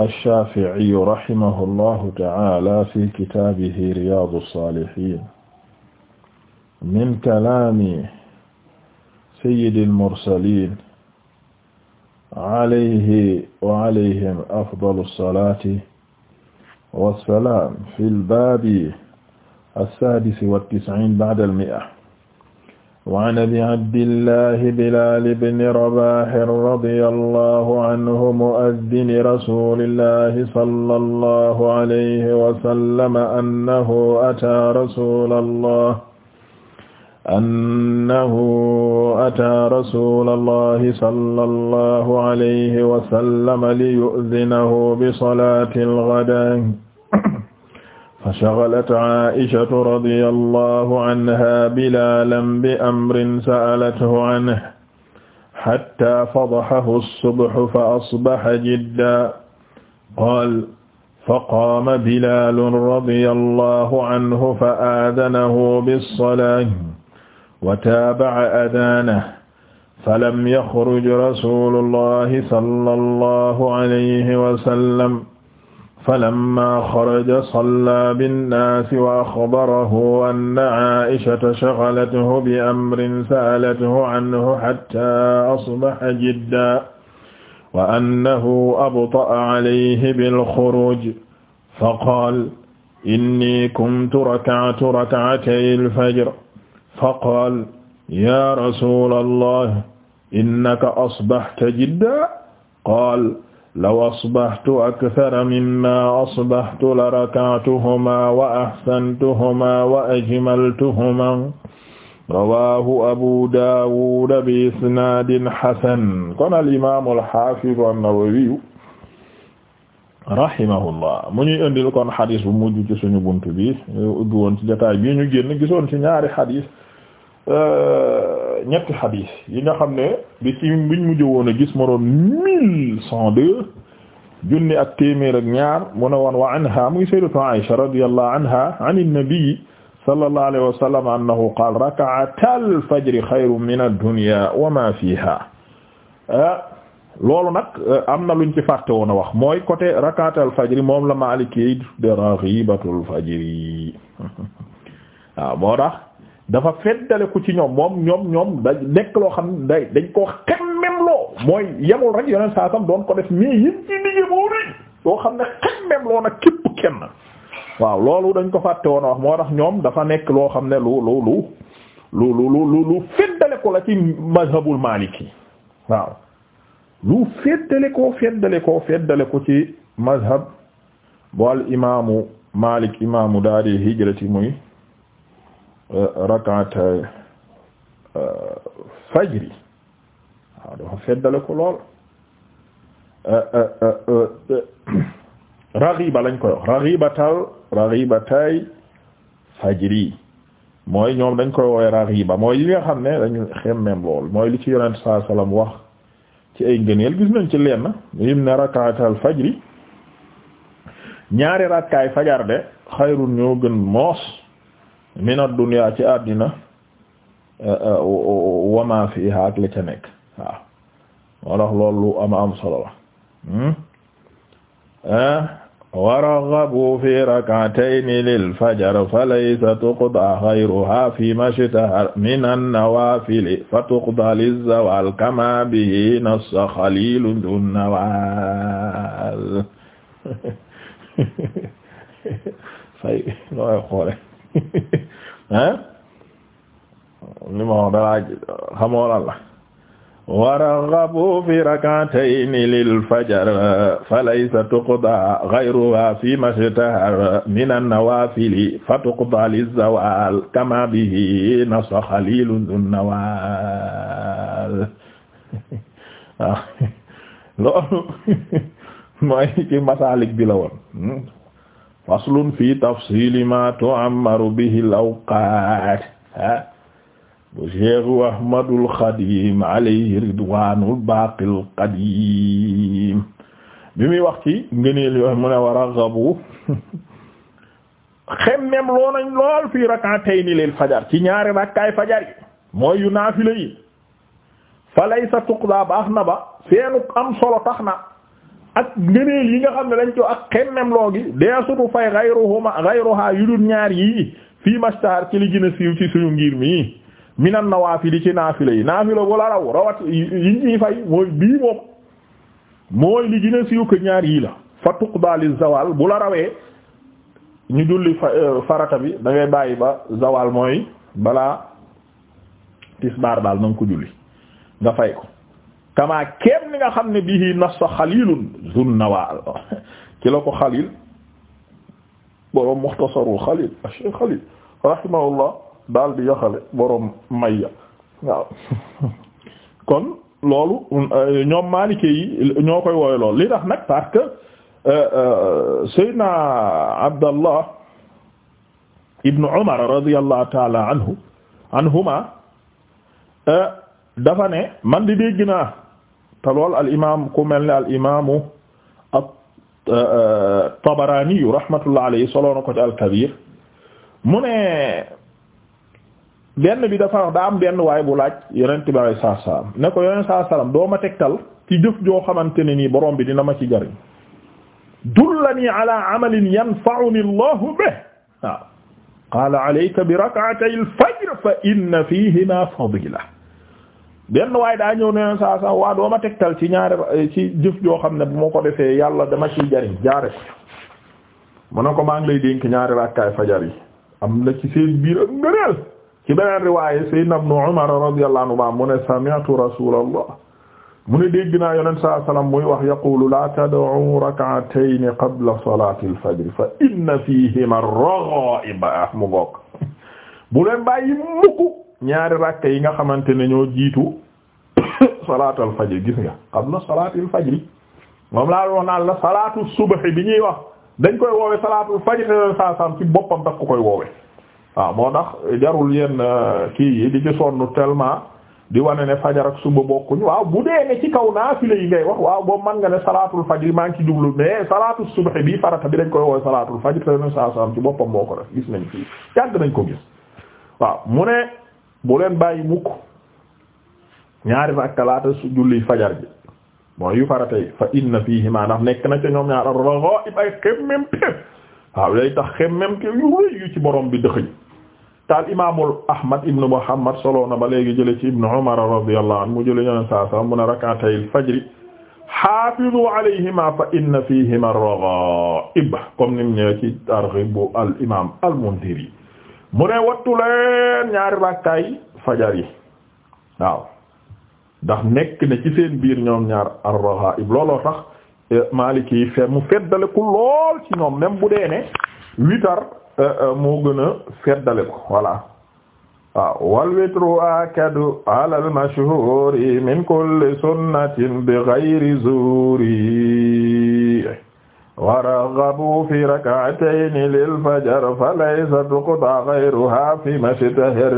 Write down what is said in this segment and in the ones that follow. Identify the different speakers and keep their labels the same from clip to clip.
Speaker 1: alshafiiyu rahimahu allahu taala fi kitaabihi riyaadu saalihiin min kalaami sayyidi almursaliin alayhi wa alayhim afdalu salaati wassalaam fi lbaabi assaadisi wattis'iin ba'da almi'a waan abi abdillahi bilal ibn rabah radiyallahu anhu muaddini rasulillahi sallallahu alayhi wa sallam annahu ataa rasulallah annahu ataa rasulallahi sallallahu alayhi wa sallam liyu'dhinahu bi salatil ghadaa فشغلت عائشة رضي الله عنها بلالا بأمر سألته عنه حتى فضحه الصبح فأصبح جدا قال فقام بلال رضي الله عنه فآذنه بالصلاة وتابع أذانه فلم يخرج رسول الله صلى الله عليه وسلم فلما خرج صلى بالناس وأخبره أن عائشة شغلته بأمر سألته عنه حتى أصبح جدا وأنه أبطأ عليه بالخروج فقال إني كنت ركعت ركعتي الفجر فقال يا رسول الله إنك أصبحت جدا قال law asbahtu akthara mimma asbahtu la raka'tuhuma wa ahsantuhuma wa ajmaltuhuma rawahu abu dawud bi isnadin hasan kon al imam al hafiz an-nawawi rahimahullah mu ñuy indil kon xadis bu mujj ci suñu bunt bi ubbi woon ci jotaay bi ñu génn gisoon ci ñaari xadis ñetti xadiis yi nga xam ne bi ci biñ mujj woon a gis ma junni ak téeméer ak ñaar mu ne woon wa anha muy sayyidatu Aisha a anha an an-nabi sallallahu alayhi wa sallam annahu qaala min ad wa ma fiha ah, loolu nag eh, am na luñ ci fàtte woon wax mooy côté rak'atal fajri moom la Maalik de raxibatul fajri waaw ah, moo dafa feddale ku ci ñoom moom ñoom ñoom da nekk loo xam ne day dañ koo xemmem loo mooy yemul rek yoneen saa sam doon ko def mais yim ci liggéey rek loo xam ne xemmem loo nag képp kenn waaw loolu dañ ko fàtte woon a wax moo tax ñoom dafa nekk loo xam ne lu lu lu lu lu lu lu feddale ko la ci mazhabul lu feddale ko feddale ko ci mazhab bu al imaamu malik imaamu daari hijrati muy Euh, rak'ata euh, fajri waaw dafa feddale ko lool euh, raxiba lañ koy wax raxibatal raxibatay fajri mooy ñoom dañ koy woowee raxiba mooy yi nga xam ne dañu xemmem lool mooy li ci yonent saa salaam wax ci ay ngëneel gis nañ ci lenn yim ne rak'atal fajri ñaari rakkaay fajar de xayrun ñoo gën moos min ad-dunya ci àddina eh, eh, wa ma fiha ak la ca nekk waaw moo tax loolu lu am am solo la hmm? eh? wa raghabu fi rak'atayni lil fajr falaysa tuqda ghayruha fima ishtahara min an-nawafil fatuqda liz-zawal kama bihi nassa Khalilun dun-nawal fay nooy xoole hein li ma wax dalaa xamoo lan la waraghabu fi rak'atayni lil fajar falaysa tuqda ghayruha fi mashtahar min an-nawafili fatuqda liz-zawal kama bihi nassa khalilu dhun-nawal waaw loolu mooy ci masalik bi la woon hmm? faslun fi tafsili ma tu'ammaru bihi al-awqaat bu Cheikhu Ahmadul Xadim alayhi ridwaanul baaqil qadiim bi muy wax ci ngëneel yoo mu ne wa raghabu xemmem loo nañ lool fii rak'atayni lil fajar ci ñaari rakkaay fajar yi mooy yu naafila yi fa laysa tuqdaa baax na ba seenu am solo tax na ak ngëneel yi nga xam ne dañ ko ak loo gi dee sutu fay ghayruhuma ghayruha yu dul ñaar yii fii mastahar ci li gën a siiw ci suñu ngir mii minan nawaafil ci naafila yi naafila bu la raw rawat yi ñuy fay mooy bii moom mooy li gën siiw que ñaar yii la fa tuqba li zawal bu la rawee ñu julli euh, farata bi da ngay bàyyi ba zawal mooy balaa tisbaar daal na ko julli nga fay ko kamaa kéem li nga xam ne bihi nassa xalilun zun nawaal ci la ko xalil boroom muxtasarul xalil Cheikh xalil rahimahullah daal di yaxale boroom mayya waaw kon loolu ñoom Maliki yi ñoo koy woowe loolu li tax nag parce que euh, euh, Seydina Abdallah ibnu Umar radiyallahu taala anhu anhuma euh, dafa ne man di dégg naa te lool al imaam ku mel ne al imaamu at-Tabarani euh, euh, rahmatullah alayhi soloo na ko ci al-Kabir mu ne benn bi dafa wax daa am benn waay bu laaj yonent bi alayhi salaatu salaam ne ko yonent salaatu salaam doo ma tegtal ci jëf joo xamante ne nii borom bi dina ma ci jariñ dullanii ala amalin yanfa'uni Allahu bihi waaw qaala alayka bi rak'atay al-fajr fa inna fiihimaa fadiila benn waaye daa ñëw ne saa saa waa doo ma tegtal ci ñaare eh, ci jëf joo xam ne bu ma ko defee yàlla dama ciy jariñ jaare ko mu ne ko maa ngi lay dénk ñaari rakkaay fajar yi am na ci seen biir ak ngëneel ci beneen riwaaye sayyidna ibnu Umar radiyallahu anhu mu ne sami'tu rasulallah mu ne dégg naa yonent saa sallam muy wax yaqulu la tad'u rak'atayn qabla salati al-fajr fa inna fihima ar-ragha'ib ah, mu ngoog bu leen bàyyi mukk ñaari rakka yi nga xamante ne ñoo jiitu salaatul fajr gis nga qabla salaatil fajri moom laa wax naan la salaatu subhi bi ñuy wax dañ koy woowe salaatul fajr te leen saa saam boppam daf ko koy woowe waaw moo tax jarul yenn euh, kii yi di ci di wane ne fajar ak suba bokkuñ waaw bu dee ne ci kaw naafile yi ngay wax waaw boobu mën nga ne salaatul maa ngi ci jublu mais salaatul subhi bi farata bi dañ koy woowe salaatul faj te leen saa saam ci boppam moo ko rek gis nañ fii yàgg nañ ko gis waaw mu ne bu leen bàyyi mukk ñaari rakka laata su julli fajar bi mooy yu faratey fa inna fiihima ndax nekk na ca ñoom ay xemmem teef lay tax xemmem teef yu rëy ci borom bi dëxëñ taal imaamul ahmad ibnu muhammad solo na ba léegi jële ci ibnu umar radiyallahu anhu mu jële ñoo ne saa saa al-fajri xaafidu alayhima fa inna fiihima ar-ragha'ib comme nim ñëwee al imaam al-mundiri mu ne wattu leen ñaari rakkaay fajar yi waaw ndax nekk ne ci seen biir ñoom ñaar ar-ragha'ib looloo tax e, Maliki yi feddale ku lool ci ñoom même bu dee ne witar e, e, moo gën a feddale ko voilà waaw wal witru akadu ala al-mashhuri sunnatin bi ghayri zuri waraghabu fi rak'atayni lil fajar falaysa tuqta ghayruha fi mashtahir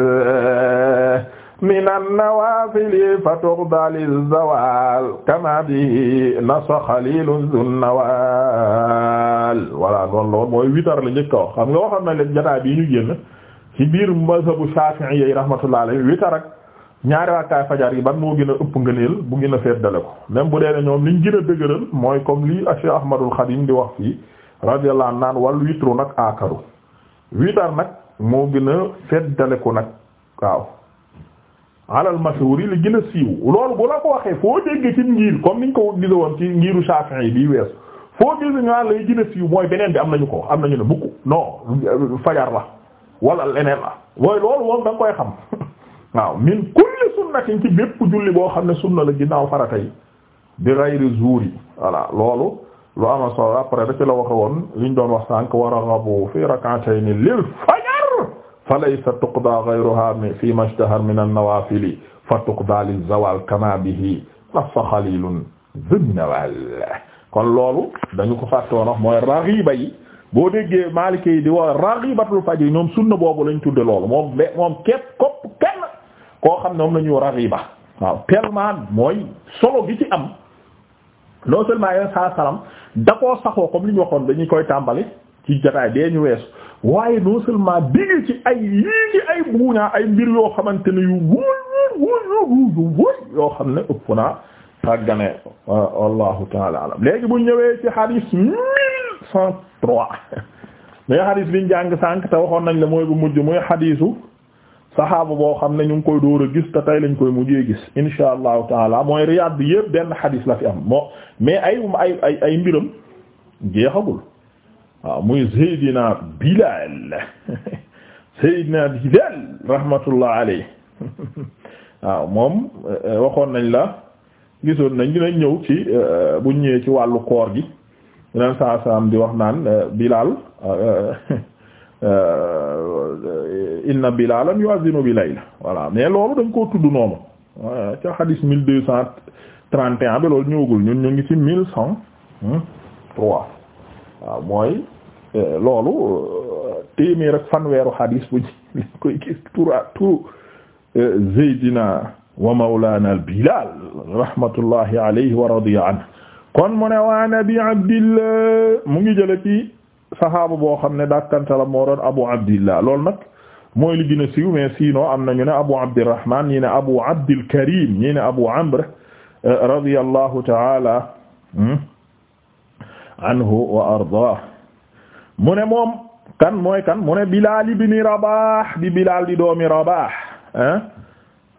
Speaker 1: min an-nawafili fatuqta liz-zawal kama bihi nassa Khalilu dun-nawal voilà noonu la woon mooy witar la njëkk wax xam nga waxoon na leen jotaay bii ñu génn ci biir mazhabu Shafi'i yi rahmatullahi alayhi witar ak ñaari rakkaay fajar yi ban moo gën a ëpp ngëneel bu gën a feddale ko même bu dee ne ñoom liñ gën a dëgëral mooy comme lii Cheikh Ahmadul Xadim di wax fii radiyallahu anhu naan wal witru nag aakaru witar nag moo gën a feddale ko nag waaw alal mashhuri li gën a siiw loolu bu la ko waxee foo dégg ci ngir comme niñ ko gise woon ci ngiru Shafi'i bii weesu foo gis ñaan lay gën a siiw mooy beneen bi am nañu ko am nañu ne bukk non fajar la wala leneen la mooy waaw min kulli sunnatin ci bépp julli boo xam ne sunna la ginnaaw farata yi bi ghayri zuuri voilà loolu lu ama solo après da ci la waxe woon liñ doon wax sànq wa raghabu fi rak'atayni lil fajar fa laysa tuqda ghayruha fi mashtahar min an-nawafili fa tuqda lil zawal kama bihi nassa xalilun zunnawal kon loolu dañu ko fàttoon wax mooy raghiba yi boo déggee maliki yi di wax raghibatul fajr ñoom sunna boobu lañ tudde loolu moom moom képp kopp koo xam ne moom la ñu raxiba waaw tellement mooy solo gi ci am non seulement yoon saa salaam da koo saxoo comme li ñu waxoon dañuy koy tàmbali ci jotaay bee ñu weesu waaye non seulement digg ci ay yii ci ay buuñaa ay mbir yoo xamante ne yu wóor wóor wóor yoo xam ne ëpp naa tàggane wallahu taala alam léegi bu ñëwee ci hadith mille cent trois mais hadith liñ jàng sànq te waxoon nañ la mooy bu mujj mooy hadithu saxaaba boo xam ne ñu ngi koy dóor a gis te tey lañ koy mujjee gis insha allahu taala mooy riyaad bi yëpp benn xadiis la fi am moo mais ay ay ay ay mbiram jeexagul waaw muy Seydina Bilal Seydina Bilal rahmatullah alayhi waaw moom euh, waxoon nañ la gisoon nañ dinañ ñëw ci euh, buñ ñëwee ci wàllu koor gi yeneen saa saa am di wax naan euh, bilaal inna bilalan yu'adhinu bi layla voilà mais loolu dañ koo tudd noonu voilà ca xadis mille deux cent trente bi loolu ñëwagul ñun ñu ngi ci mille cent trois waaw mooy euh, loolu euh, téeméer ak fanweeru xadis bu ñu koy gis tour à euh, Zeydina wa mawlana Bilal rahmatullahi alayhi wa radiya anhu kon mu ne waa nabi abdillah mu ngi jële ci saxaaba boo xam ne dakkanta la moo doon abu abdillah loolu nag mooy li gën a am na ñu ne Abu Abdirrahman ñi ne Abu Abdil Karim ñi ne Abu Amr euh, hmm, wa ardaah mu ne moom kan mooy kan mu ne Bilaal ibn Rabaah di Bilaal di Rabaah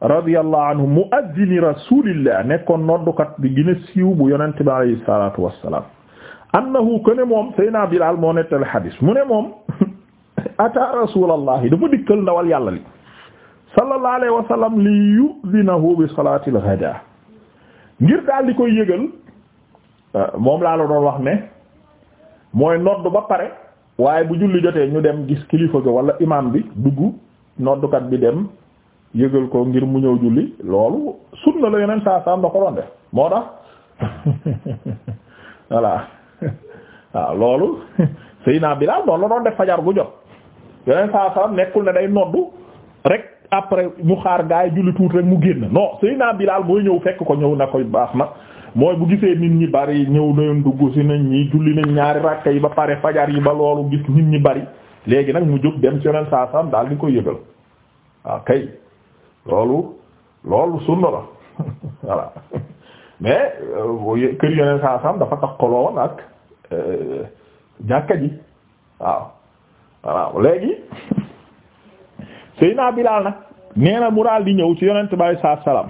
Speaker 1: radiyallahu anhu muazzini rasulillah nekkoon noddukat bi gën a siiw bu yonent bi alayhi salaatu wassalaam annahu kaana moom Seydina Bilaal moo nettal hadiis mu ne moom ata rasulallahi dafa dikkal ndawal yàlla li sallallahu alayhi wa sallam li yudinahu bi salaatil ghada ngir daal di koy yëgal euh, moom laa la doon wax ne mooy nodd ba pare waaye bu julli jotee ñu dem gis kilifa ga walla imam bi dugg noddukat bi dem yëgal ko ngir mu ñëw julli loolu sunna la yeneen saa saa ko doon def moo tax voilà waaw loolu Seydina Bilaal doon la doon def fajar gu jot yeneen saa salaam nekkul ne day noddu rek après mu xaar gaay julli tuut rek mu génn non Seydina Bilaal mooy ñëw fekk ko ñëw na koy baax na mooy bu gisee nit ñi bari ñëw nañu dugg si nañ ñi julli nañ ñaari rakka yi ba pare fajar yi ba loolu gis nit ñi bari léegi nag mu jóg dem ci yeneen saa salaam daal di koy yëgal waaw ah, kay loolu loolu sunna la voilà mais euh, kër yeneen saa salaam dafa tax koloo ak euh, jàkka ji waaw waaw léegi Seydina Bilaal nag nee na di ñëw ci yonent bi saa salaam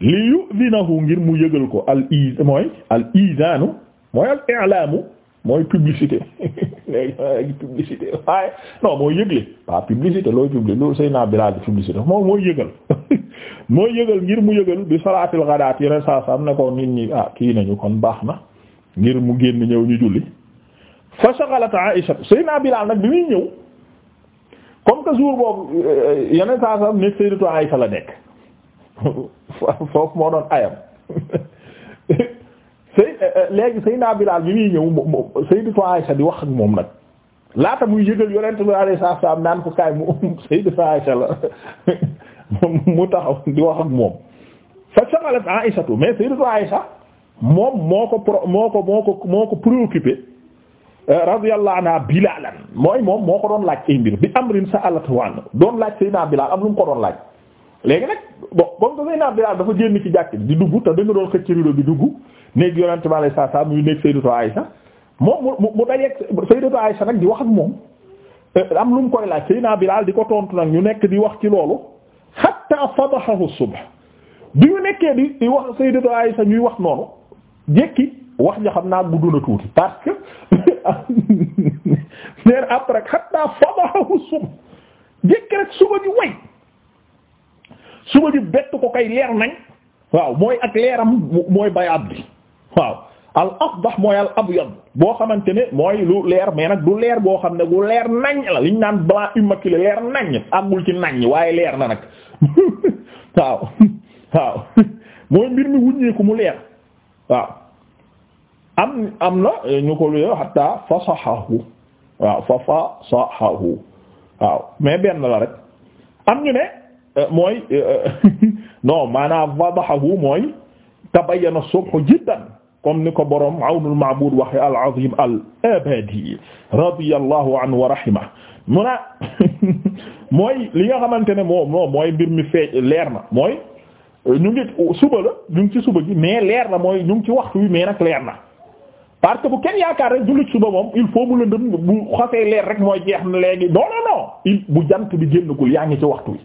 Speaker 1: li yu'dinahu ngir mu yëgal ko al iz mooy al izaanu mooy al i'laamu mooy publicité léegi publicité waaye non mooy yëgle waaw publicité looy publicité loolu Seydina Bilaal di publicité moom mooy yëgal mooy yëgal ngir mu yëgal bi salaatil ghadaat yonent saa salaam ne ko nit ñi ah kii nañu kon baax na ngir mu génn ñëw ñu julli. fa shaghalat Aïsha Seydina Bilaal nag bi muy ñëw comme que jour boobu euh, yeneen saa sax nekk Sayyidatu Aïsha la nekk foofu moo doon ayam Sey euh, euh, léegi Seydina Bilaal bi muy ñëw Sayyidatu Aïsha di wax ak moom nag laata muy yëgal yonent bi alayhi salaam naan ko kaay di wax ak moom moom moo ko pro moo ko moo ko moo ko préoccupé. Euh, radiyallahu anha bilalan mooy moom moo ko doon laaj ay mbir bi sa sa'alatu an doon laaj Seydina Bilal am lu mu ko doon laaj léegi nag bon comme que Seydina Bilal dafa génn ci jàkk di dugg te dañu doon xëcc rido bi dugg néeg yonente bi alayhi salaam muy nekk Sayyidatu Aisha moom mu mu dajeeg Sayyidatu Aisha nag di wax ak moom euh, am lu mu koy laaj Seydina Bilal di ko tontu nag ñu nekk di wax ci loolu hatta fadahahu subh bi ñu nekkee di di wax Sayyidatu Aisha ñuy wax noonu jékki wax nga xam naa gudd na tuuti neen après xatta fadahu sum jékk rek suba ji way suba ji bett ko kay leer nañ waaw mooy ak leeram mooy bayaat bi waaw al afdah mooy al abyad boo xamante ne mooy lu leer mais nag du leer boo xam ne bu leer nañ la liñ naan blanc immaculé leer nañ àggul ci nañ waaye leer na nag waaw waaw mooy mbir mi wuññeeku mu leer waaw am am na eh, ñu ko luy hatta fasahahu waaw fa waaw mais benn la rek am ñu ne eh, mooy eh, non maanaam wadahahu mooy tabayyana subhu jiddan comme ni ko borom awnul ma'bud waxe al-azim al-abadi radiyallahu anhu wa mu na mooy li nga xamante ne moo moo mooy mbir mi feeñ leer na mooy ñu ngi suba la ñu ngi ci suba gi mais leer na mooy ñu ngi ci waxtu wi mais nag leer na parce que bu kenn yaakaar rek jullit suba moom il faut mu lëndëm bu xasee leer rek mooy jeex na léegi non non bu jant bi génnagul yaa ngi ci waxtu wi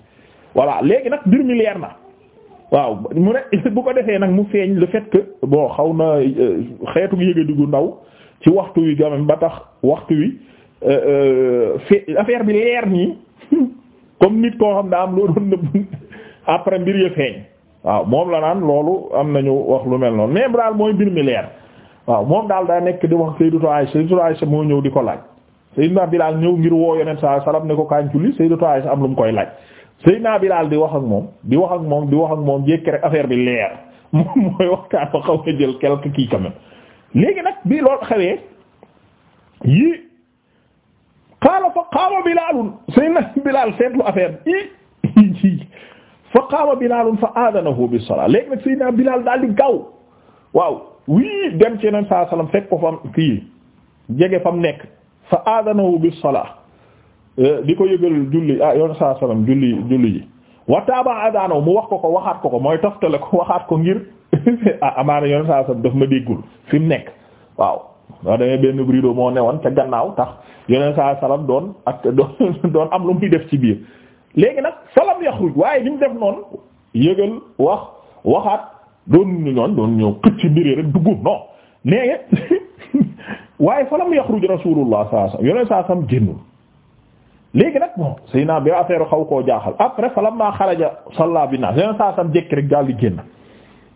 Speaker 1: voilà léegi nag mbir mi leer na waaw mu ne bu ko defee nag mu feeñ le fait que bon xaw na euh, xeetu yëge diggu ndaw ci waxtu wi gamam ba tax waxtu wi euh, euh, fe affaire bi leer nii comme nit koo xam ne am loo doon nëbb après mbir ya feeñ waaw moom la naan loolu am nañu wax lu mel noonu mais daal mooy mbir mi leer. waaw moom daal daa nekk di wax Sayyidatu Aisha Sayyidatu Aisha moo ñëw di ko laaj Sayyidina Bilaal ñëw ngir woo Yonent sallallahu ko kañ julli Sayyidatu Aisha am lu mu koy laaj Sayyidina Bilaal di wax ak moom di wax ak moom di wax ak moom jékki rek affaire bi leer moom mooy waxtaan ba xaw a jël quelque kii quand léegi nag bii loolu xewee yii qaala fa qaama Bilaalun Sayyidina Bilaal seetlu affaire bi fa qaama Bilaalun fa aadanahu bis-salaa léegi nag Sayyidina Bilaal daal di gaaw waaw. wii dem ci yeneen saa salaam fekk ko fam kii jege fam nekk fa aadanahu bis salaa eh, di ko yëgal julli ah yoon saa salaam julli julli ji wataaba aadanahu mu wax ko ko waxaat ko ko mooy toftale ko waxaat ko ngir ah amaana yoon saa salaam daf ma déggul fi mu nekk waaw. waaw da benn rideau moo ne newoon ca gannaaw tax yeneen saa salaam doon ak doon doon am lu muy def ci biir léegi nag salam yaxruj waaye li mu def noonu yëgal wax waxaat. doon ñu ñooñ doon ñëw këcc mbiri rek duggu non léegi waaye fa lam yaxruj rasulullah sallallahu yoneen saa sam génnul léegi nag bon sëy naa bi affaire xaw koo jaaxal après fa lam maa xaraja salla bi naas yoneen saa sam jékki rek daal di génn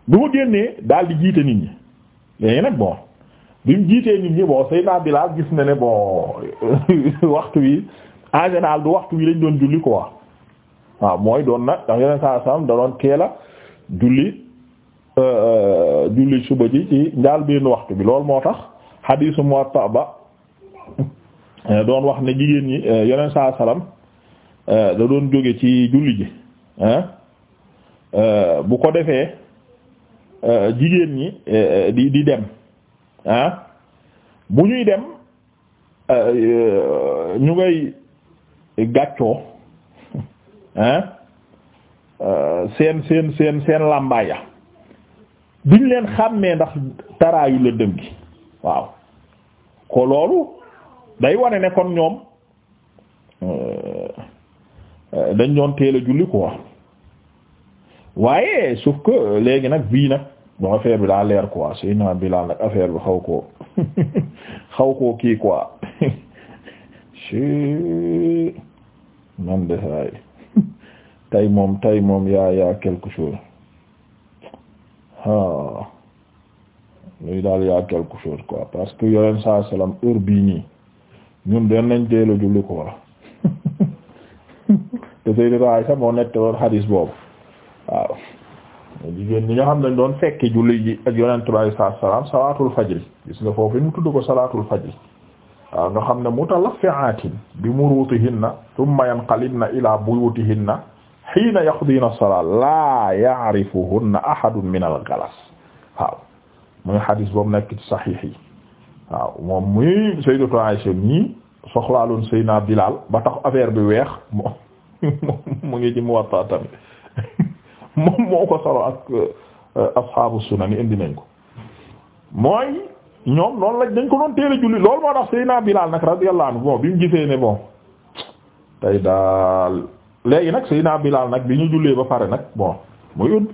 Speaker 1: bu ma génnee daal di jiite nit ñi léegi nag bon bi mu jiitee nit ñi bon sëy naa Bilaal gis na ne bon waxtu wi en du waxtu wi lañ doon julli quoi waaw mooy doon nag ndax yoneen saa sam da doon teel julli Euh, euh, julli suba ji ci njaal benn waxtu bi lool moo tax xadiisu Muwatta ba euh, doon wax ne jigéen ñi yeneen saa salaam da doon jóge ci julli ji bu ko defee jigéen ñi di di dem bu ñuy dem ñu ngay gàccoo ah seen seen seen seen làmbaaya duñ leen xàmmee ndax taraayu lëndëm gi waaw ko loolu day ware ne kon ñoom euh, dañ doon teel a julli quoi waaye sauf que léegi nag bii nag bon affaire bi daa leer quoi suy naa bi laa nag affaire bi xaw koo xaw ko kii quoi man de saay tey moom tey moom yaa yaa quelque chose waaw ah. luy daal yaa quelque chose quoi parce que yoleen saa salaam heure bii nii ñun den nañ teela julli ko wala te Sayyidatu Aysa moo nett woon hadis boobu waaw jigéen ñi nga xam dañ doon fekke julli ji ak yonent bi alayhi faj wa salaam salaatul fajri gis nga foofu mu tudd ko salaatul fajri waaw nga xam ne mutalaffi'aatin bi muruutihinna thumma yanqalibna ilaa buyuutihinna xiina yaqdiina salaa laa ya'rifuhunna ahadun min al-ghalas waaw muy xadis boobu nekk ci saxiix yi waaw moom muy Sayyidatu Aisha mi soxlaaloon Seydina Bilaal ba tax affaire bi weex moom mu ngi ci Muwatta tamit moom moo ko solo ak euh, ashaabu sunan indi nañ ko mooy ñoom noonu lañ dañ ko doon teel a julli loolu moo tax Seydina Bilaal nag radiyallahu anhu bon bi mu gisee ne bon tey daal. léegi nag Seydina Bilaal nag bi ñu jullee ba pare nag bon muy ut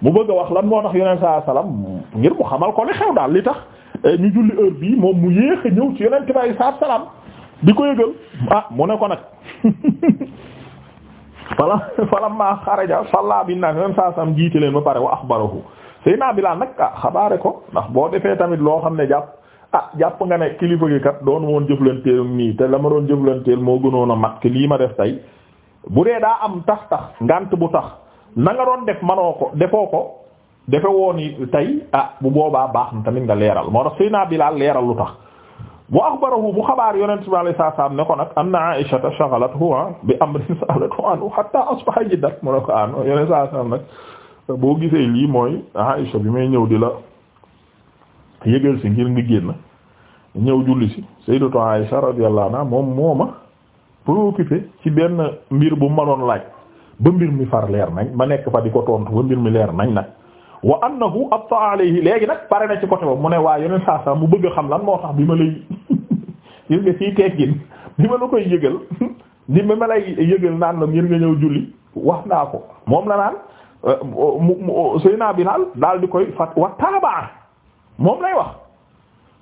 Speaker 1: mu bëgg a wax lan moo tax yonent saa salaam ngir mu xamal ko li xew daal li tax eh, ñu julli heure bii moom mu yéex a ñëw ci yonent bi saa salaam di ko yëgal ah mu ne ko nag fala fala maa xaraja bi nag yonent saa salaam jiite leen ba pare wa axbarahu naa Bilaal nag ah xabaare ko ndax boo defee tamit loo xam ne jàpp. ah jàpp nga ne kilifa gi kat doon woon jëflanteel nii te la ma doon jëflanteel moo a mat lii ma def bu dee daa am tax tax ngant bu tax na nga doon def manoo ko defoo ko defe woon ni tey ah bu boobaa baax na tamit nga leeral moo tax Seydina Bilaal leeral lu tax wa axbarahu bu xabaar yonent bi alayhi salaam ne ko nag anna Aïshata shaghalathu ah bi amrin sa'alathu anhu hatta asbaha jiddan mu ne ko ah non yonent saa salaam nag boo gisee lii mooy Aïsha bi may ñëw di la yëgal si ngir nga génn ñëw julli si Sayyidatu Aïsha radiyallahu anha moom mooma. préoccupé ci benn mbir bu ma doon laaj ba mbir mi far leer nañ ma nekk fa di ko tontu ba mbir mi leer nañ nag wa annahu léegi nag pare na ci côté boobu mu ne waa yeneen saa saa mu bëgg a xam lan moo bi ma lay gis nga siy teggin bi ma la koy yëgal ni ma lay yëgal naan la ngir nga ñëw julli wax naa ko moom la naan euh, mu mu Seyna Bilaal daal di koy fat wa taabaa moom lay wax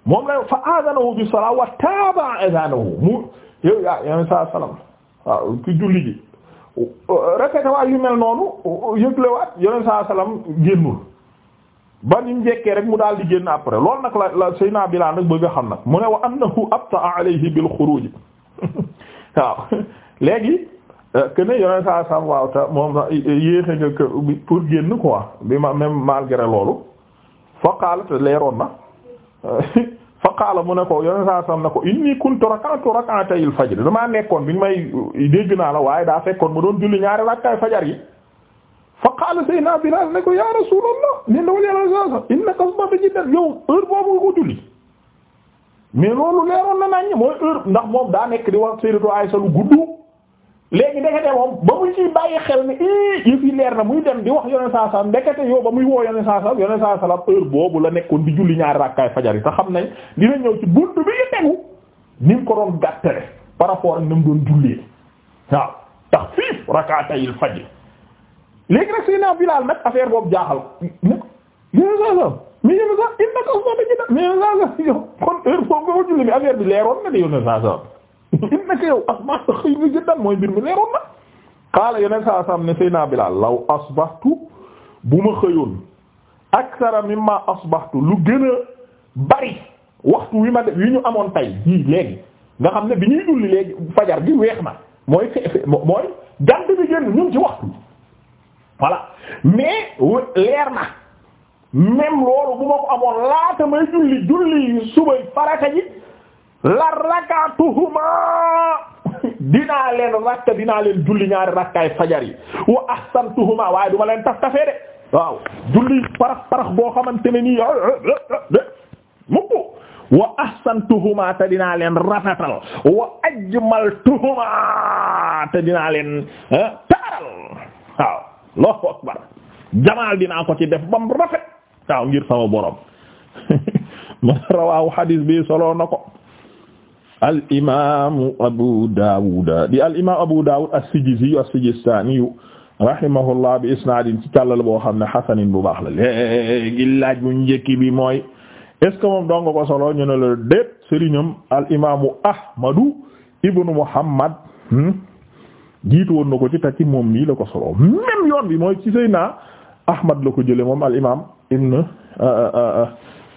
Speaker 1: moom lay fa aadanahu bi salaa wa taabaa aadanahu mu. yow yaa yoneen saa salaam waaw ci julli ji rafet waat yu mel noonu yëglewaat yoneen saa salaam génnul ba ni mu rek mu daal di génn après loolu nag la la Seydina Bilaal nag bëgg xam nag mu ne wa annahu abta'a alayhi bil xuruj waaw léegi euh, que ne saa salaam waaw ta moom yéexe nga que pour génn quoi bi ma même malgré loolu fa leeroon na. fa mu ne ko yoneen saa sallam ne ko inni kuntu rak'atu rak'atay al-fajr damaa nekkoon bi ñu may dégg naa la waaye daa fekkoon ma doon julli ñaari rakkaay fajar yi fa qaala sayyidina Bilaal ne ko ya rasuulallah ne ndawal yàlla saa sallam innaka asbahta jiddan yow heure boobu nga ko julli loolu leeroon na nañ mooy heure ndax moom daa nekk di wax sayyidatu Aysa lu gudd léegi ndekete moom ba mu ciy bàyyi xel ni i yëf yi leer na muy dem di wax yoneen saa salam ndekete yoo ba muy woo yoneen saa salam yoneen saa heure boobu la nekkoon di julli ñaari rakkaay fajar yi te xam nañ dina ñëw ci bunt bi ñu tegu ni ko doon gàttale par rapport ak ni mu doon jullee waaw tax fiif rakatayil fajr léegi rek Seydina Bilaal nag affaire boobu jaaxal ne yoneen saa salam mais yoneen bi kon heure boobu nga julli bi affaire bi leeroon na de yoneen innaka yow asbahta xayran jiddan mooy mbir mi leeroon na qaala yeneen saa saam ne Seydina Bilaal law asbahtu bu ma xëyoon aksara mimma asbahtu lu gën a bari waxtu wi ma def wi ñu amoon tay jii léegi nga xam ne bi ñuy julli léegi fajar gi weex na mooy feefe mooy jant bi génn ñun ci waxtu voilà mais leer na même loolu bu ma ko amoon laata may julli julli suba farata ji la rakatuhuma dinaa leen rakka dinaa leen julli ñaari rakkaay fajar yi wa ahsantuhuma waaye duma leen taf tafee julli parax parax boo xamante ne nii de wa ahsantuhuma te dinaa leen rafetal wa ajmaltuhuma te dinaa leen eh, taaral waaw Allahu akbar jamaal dinaa ko ci def bam rafet waaw ngir sama borom man rawahu hadis bi ko al imaamu Abu Daawud di al Abu Daawud as-Sijizi as-Sijistaani rahimahullah bi isnaadin ci càllal boo xam ne xasanin bu baax la léegi laaj bu njëkk bi mooy est ce doo moom dong ko solo ñu ne la déet sëriñam al Ahmadu ibnu Muhammad hmm? jiitu woon na ko ci takki moom mii la ko solo même yoon bi mooy ci Seydina Ahmad la ko jëlee moom al ibnu euh, euh, euh,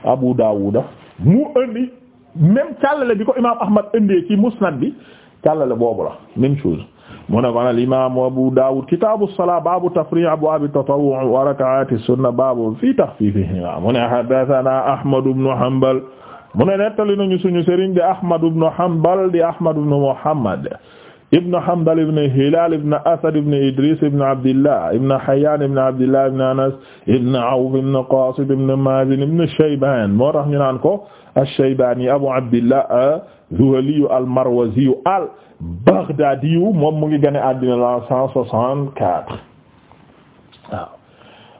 Speaker 1: Abu Daawud mu indi. même càllale bi ko imaam Ahmad indee ci musnad bi càllale boobu la même chose mu ne kon al imaam Abu Dawud kitaabu salaa baabu tafrii' abwaabi tatawwu' wa rak'aati sunna baabu fii taxfiifihimaa mu ne haddasanaa Ahmad ibn Hanbal mu ne nettali nañu suñu sëriñ di Ahmad ibn Hanbal di Ahmad ibn Muhammad ibn Hanbal ibn Hilaal ibn Asad ibn Idriis ibn Abdillah ibn Hayyaan ibn Abdillah ibn Anas ibn Awf ibn Qaasim ibn Maazin ibn Shaybaan moo tax ñu naan ko ash-Shaybani Abu Abdillah az-Zuhli ah, al-Marwazi al-Baghdadi moom mu ngi gane àddina la 164 waaw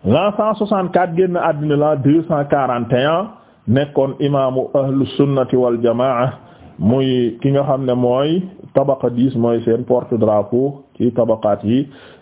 Speaker 1: la 164 génn àddina la 241 nekkoon imaamu ahlu sunnati wal jamaa muy ki nga xam ne mooy tabaqa dix mooy seen porte drapeau ci tabaqaat yi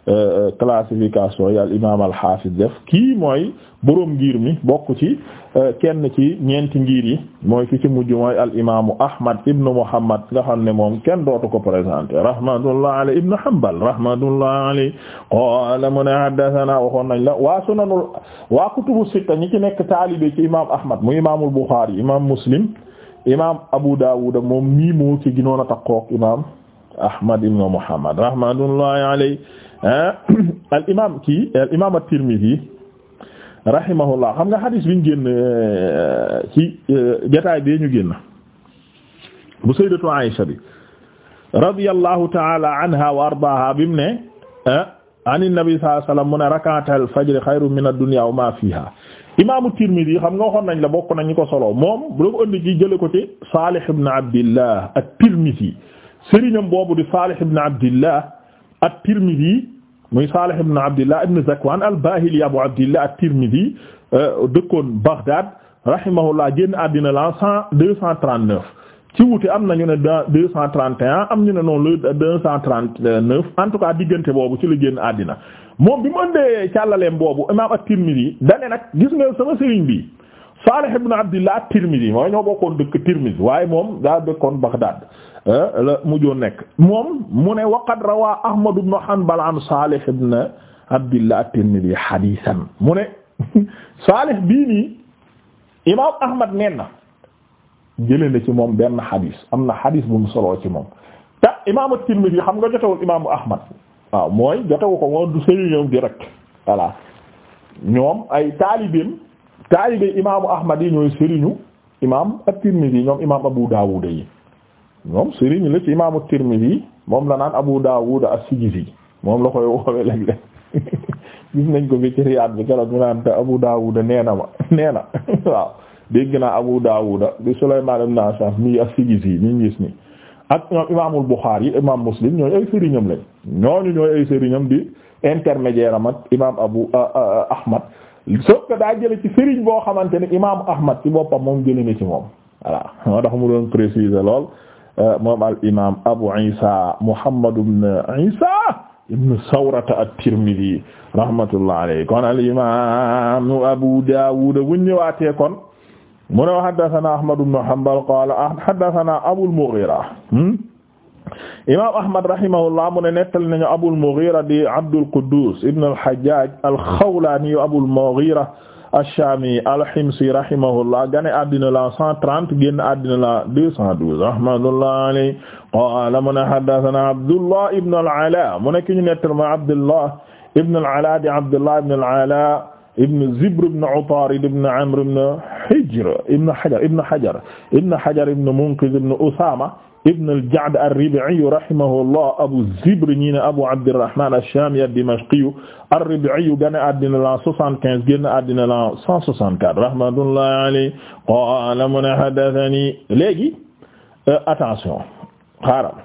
Speaker 1: euh, euh, classification yi al imaam al hafiz def kii mooy boroom ngir mi bokk ci euh, kenn ci ñeenti ngir yi mooy ki ci mujj mooy al imaamu ahmad ibnu muhammad nga xam ne moom kenn dootu ko présenté rahmatullah alay ibnu hanbal rahmatullah alay qaala mu ne haddathana waxoon nañ la waa sunanul waa kutubu sitta ñi ci nekk taalibe ci imaam ahmad mu imaamul buxaari imaam muslim imaam Abu Dawud moom mii moo ci gënoon a taqoo ak imaam Ahmad ibn Muhammad rahmatullahi alayhi eh? al imaam kii al imaam at-Tirmidhi rahimahullah xam nga hadis bi ñu génn eh, ci eh, jotaay bi ñu génn bu sayyidatu Aisha bi radiyallahu ta'ala anha wa ardaaha bim ne an an-nabi sallallahu alayhi wa sallam mun rak'atal fajr khayrun min ad-dunya wa ma fiha imaamu Tirmidi xam nga waxoon nañ la bokk nañ ñu ko solo moom bu la ko ëndi ci jële ko ci Salih ibn Abdillah at-Tirmidi sëriñam boobu di Salih ibn Abdillah at-Tirmidi muy Salih ibn Abdillah ibn Zakwan al-Bahili Abu Abdillah at-Tirmidi euh, dëkkoon Baghdad rahimahullah génn àddina la cent deux cent trente ci wuute am nañu ne deux cent trente et am ñu ne noonu le deux cent trente neuf en tout cas diggante boobu ci la génn àddina moom bi mu ëndee càllaleem boobu imaam at yi dane nag gis nga sama sëriñ bi Salih ibn Abdillah at-Tirmidhi mooy ñoo bokkoon dëkk Tirmidhi waaye moom daa dëkkoon Baghdad eh, la mujjoon nekk moom mu ne waqad rawaa Ahmad ibn Hanbal an Salih ibn Abdillah at-Tirmidhi hadiisan mu ne Salih bii nii imaam Ahmad nee na jëlee na ci moom benn xadis am na xadis bu mu soloo ci moom te imaamu xam nga jotewul imaamu Ahmad waaw mooy jotewu ko moom du sëriñam direct voilà ñoom ay taalibeem taalibe imaamu Ahmad yi ñooy sëriñu imaam at yi ñoom imaam Abu Dawud yi ñoom sëriñ la ci imaamu Tirmidhi moom la naan Abu Dawud as-Sijizi moom la koy woowe léeg-léeg gis nañ ko fi ci Riyad bi keroog mu naan te Abu Dawud nee na ma nee na waaw dégg naa Abu Daawuda di Sulaymaan ibn Asaf mi ak Sijizi mi ngi ak ñoom imaamul Buxaari imaam Muslim ñooy ay sëriñam lañ ñooñu ñooy ay sëriñam di intermédiaire am ak imaam Abu Ahmad sauf que daa ci sëriñ boo xamante ne imaamu Ahmad ci boppam moom jële na ci moom voilà moo tax mu doon lool moom al imaam Abu Isa Muhammad ibn Isa ibn Sawrata at-Tirmidhi rahmatullah alayhi kon al imaam Abu Daawuda bu ñëwaatee kon mu ne haddathana Ahmad ibn Hanbal qaala ah haddathana Abul Mughira hmm? imaam Ahmad rahimahullah mu ne nettali nañu Abul Mughira di Abdul Quddus ibn al-Hajjaj al-Khawlani Abul Mughira ash-Shami al-Himsi rahimahullah gane addina la 130 génn addina la 212 rahmatullahi alayhi qaala mu ne haddathana Abdullah ibn al-Ala mu ne ki ñu nettali ma Abdullah ibn al-Ala di Abdullah ibn al-Ala ibn Zibr ibn Utarid ibn Amr ibn Hijr ibn Hajar ibn Hajar ibn Hajar ibn Munqidh ibn Usama ibn al-Ja'd ar-Rib'i rahimahullah Abu Zibr ñi ne Abu Abdirrahman ash-Shami ad-Dimashqi ar-Rib'i gane àddina la 75 génn àddina la 164 rahmatullahi alayhi qala man haddathani léegi euh, attention xaaral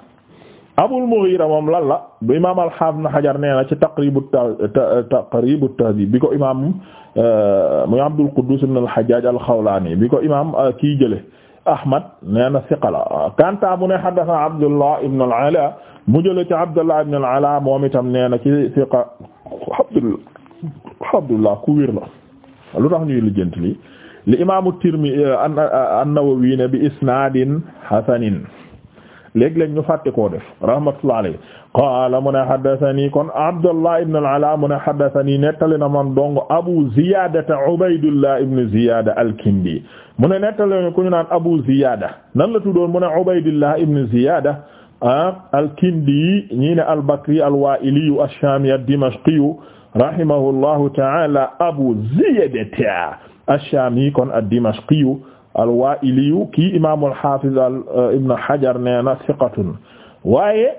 Speaker 1: Abul Mughira moom lan la bu imaam al-Hafiz Ibn Hajar nee na ci Taqrib Taqrib at-Tahdhib bi ko imaam uh, muy Abdul Quddus ibn al-Hajjaj al-Khawlani bi ko imaam uh, kii jële Ahmad nee na siqa la kanta mu ne haddatha Abdullah ibn al-Ala mu jële ci Abdullah ibn al-Ala moom itam nee na ci siqa Abdullah Abdullah ku wér la lu tax ñuy lijjanti li li imaam at-Tirmidhi uh, an-Nawawi ne bi isnaadin hasanin léeg-léeg ñu fàtte koo def rahmatullah alayhi kon Abdullah ibn al-Ala mu ne haddathani nettali na man dong Abu Ziyada Ubaydullah ibn Ziyada al nettali na ku ñu naan Abu Ziyada nan la tuddoon mu ne Ubaydullah ibn Ziyada ah, al-Kindi ñii ne al-Bakri al-Wa'ili ash-Shami ad ta'ala Abu Ziyada ash kon ad-Dimashqi al-Wa'iliyu kii imaamul hafiz ibn Hajar nee na thiqatun waaye